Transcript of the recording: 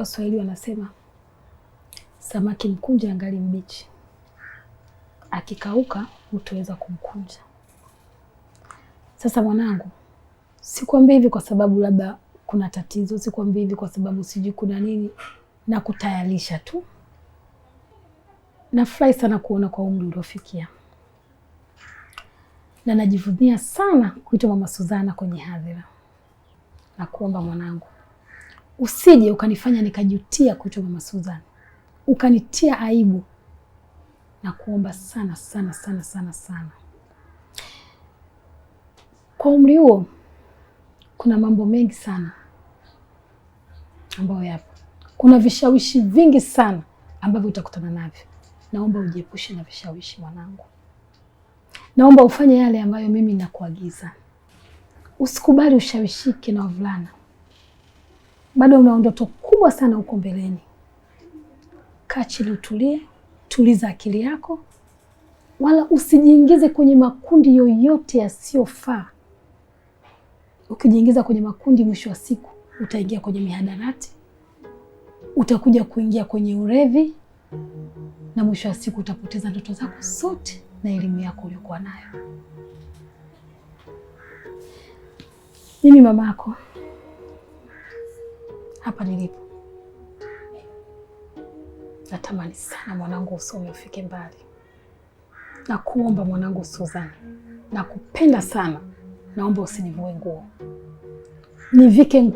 Waswahili wanasema samaki mkunja angali mbichi, akikauka hutoweza kumkunja. Sasa mwanangu, sikwambia hivi kwa sababu labda kuna tatizo, sikwambia hivi kwa sababu sijui kuna nini, na kutayarisha tu. Nafurahi sana kuona kwa umri uliofikia na najivunia sana kuitwa Mama Suzana kwenye hadhira. Nakuomba mwanangu usije ukanifanya nikajutia kuitwa mama Suzan, ukanitia aibu. Na kuomba sana sana sana sana sana, kwa umri huo kuna mambo mengi sana ambayo yapo, kuna vishawishi vingi sana ambavyo utakutana navyo. Naomba ujiepushe na vishawishi mwanangu, naomba ufanye yale ambayo mimi nakuagiza. Usikubali ushawishike na wavulana bado una ndoto kubwa sana huko mbeleni. Kaa chini, utulie, tuliza akili yako, wala usijiingize kwenye makundi yoyote yasiyofaa. Ukijiingiza kwenye makundi, mwisho wa siku utaingia kwenye mihadarati, utakuja kuingia kwenye urevi, na mwisho wa siku utapoteza ndoto zako zote na elimu yako uliyokuwa nayo. Mimi mama yako hapa nilipo. Natamani sana mwanangu usome ufike mbali. Nakuomba mwanangu Suzani, nakupenda sana, naomba usinivue nguo, nivike nguo.